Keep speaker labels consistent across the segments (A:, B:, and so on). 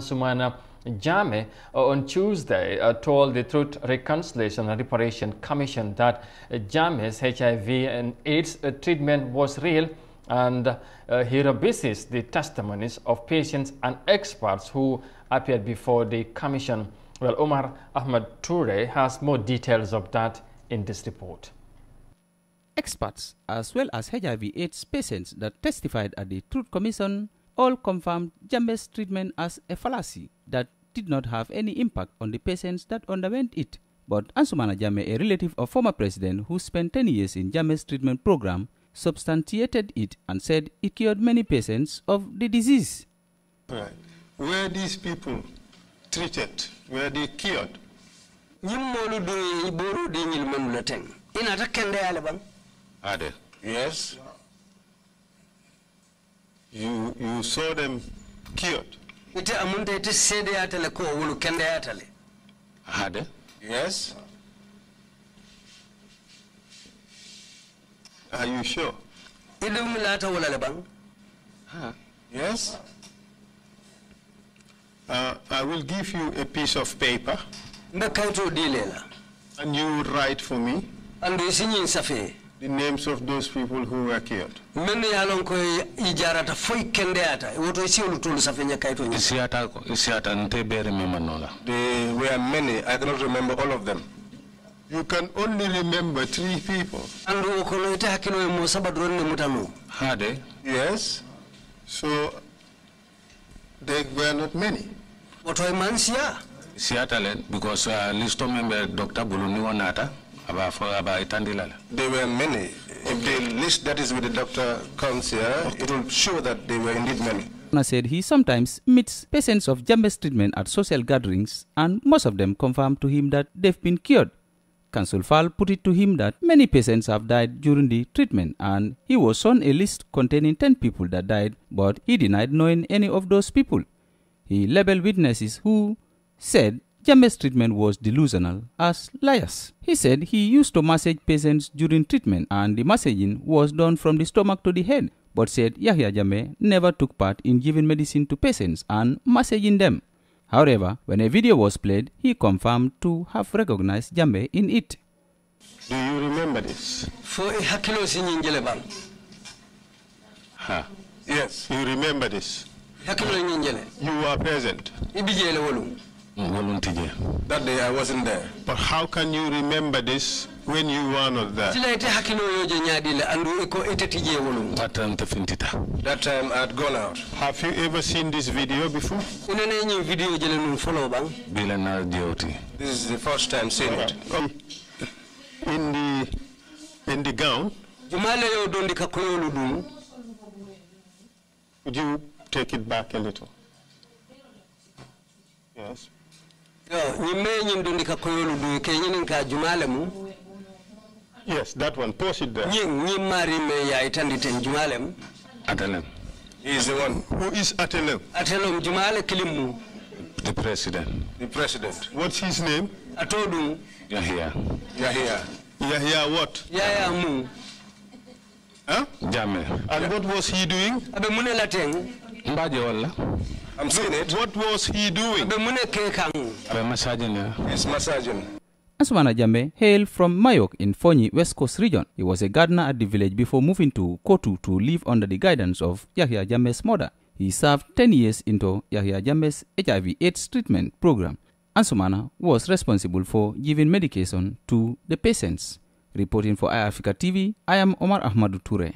A: Sumana Jame uh, on Tuesday uh, told the Truth, Reconciliation and Reparation Commission that uh, Jame's HIV and AIDS uh, treatment was real and uh, he rebases the testimonies of patients and experts who appeared before the commission. Well, Omar Ahmed Toure has more details of that in this report. Experts as well as HIV AIDS
B: patients that testified at the Truth Commission all confirmed James' treatment as a fallacy that did not have any impact on the patients that underwent it. But Ansumana Jame, a relative of former president who spent 10 years in James' treatment program, substantiated it and said it cured many patients of the disease. Right. Were these people treated? Were they cured?
C: Ade. Yes you, you saw them killed. Ite amunde ite sede atale ko wulu kende atale. Hade? Yes. Are you sure? Ilum lata wala labang. Huh? Yes. Uh, I will give you a piece of paper. Mbekautu lela. And you write for me. Andu isinyi Safi the names of those people who were killed? Many yalon ko ijarata foy ata. woto si ulutul safenya kaito ni. Isiata isiata ntebere memanola. There were many. I cannot remember all of them. You can only remember three people. Andu okono ite hakino e mo sabadron ne mutano. Hade. Yes. So they were not many. Woto e mansia. ata len because uh, listo member Dr. Buluni wanata. There were many. If the list that is with the doctor comes here, it will show that they were indeed many.
B: Governor said he sometimes meets patients of Jambes treatment at social gatherings, and most of them confirm to him that they've been cured. Council Fall put it to him that many patients have died during the treatment, and he was shown a list containing 10 people that died, but he denied knowing any of those people. He labeled witnesses who said James' treatment was delusional as liars. He said he used to massage patients during treatment and the massaging was done from the stomach to the head, but said Yahya Jammeh never took part in giving medicine to patients and massaging them. However, when a video was played, he confirmed to have recognized Jammeh in it.
C: Do you remember this? For a Huh. Yes, you remember this. You were present. That day I wasn't there. But how can you remember this when you were not there? That time I had gone out. Have you ever seen this video before? This is the first time seeing it. Um, in the in the gown. Would you take it back a little? Yes. Uh, yes, that one. Post it there. Atelem. He is the one. Who is Atelem? Atelem Jumale Kilimu. The president. The president. What's his name? Atodu. Yahya. Yahya. Yahya what? Yahya Mu. Huh? Jame. And yeah. what was he doing? Abe lateng. Mbaje wala. I'm saying it. What was he doing? I'm massaging her. He's massaging.
B: Ansumana Jambe hailed from Mayok in Fonyi, West Coast region. He was a gardener at the village before moving to Kotu to live under the guidance of Yahya Jambe's mother. He served 10 years into Yahya Jambe's HIV AIDS treatment program. Ansumana was responsible for giving medication to the patients. Reporting for iAfrica TV, I am Omar Ahmadu Toure.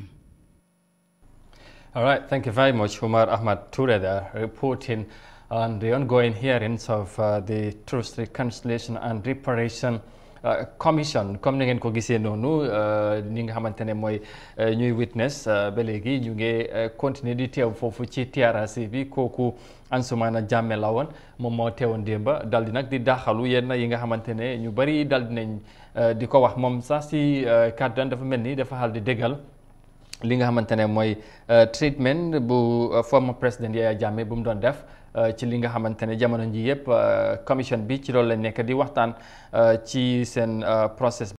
A: All right, thank you very much, Umar Ahmad Toure, there, reporting on the ongoing hearings of uh, the Truth Reconciliation and Reparation uh, commission comme ni ngeen ko gisee noonu uh, ni nga xamante ne mooy uh, ñuy witness ba léegi ñu ngi continuer di teew foofu ci TRRC bi kooku Ansoumana Jammeh la woon moom moo teewoon démba dal di nag di daaxalu yenn yi nga xamante ne ñu bari dal di nañ di ko wax moom sax si kàddu dafa mel ni dafa xal di déggal li nga xamante ne mooy euh, treatment bu euh, former président Yaya jàmme bu mu doon def euh, ci li nga xamante ne jamono ji yëpp commission bi ci loolu lañ nekk di waxtaan ci seen process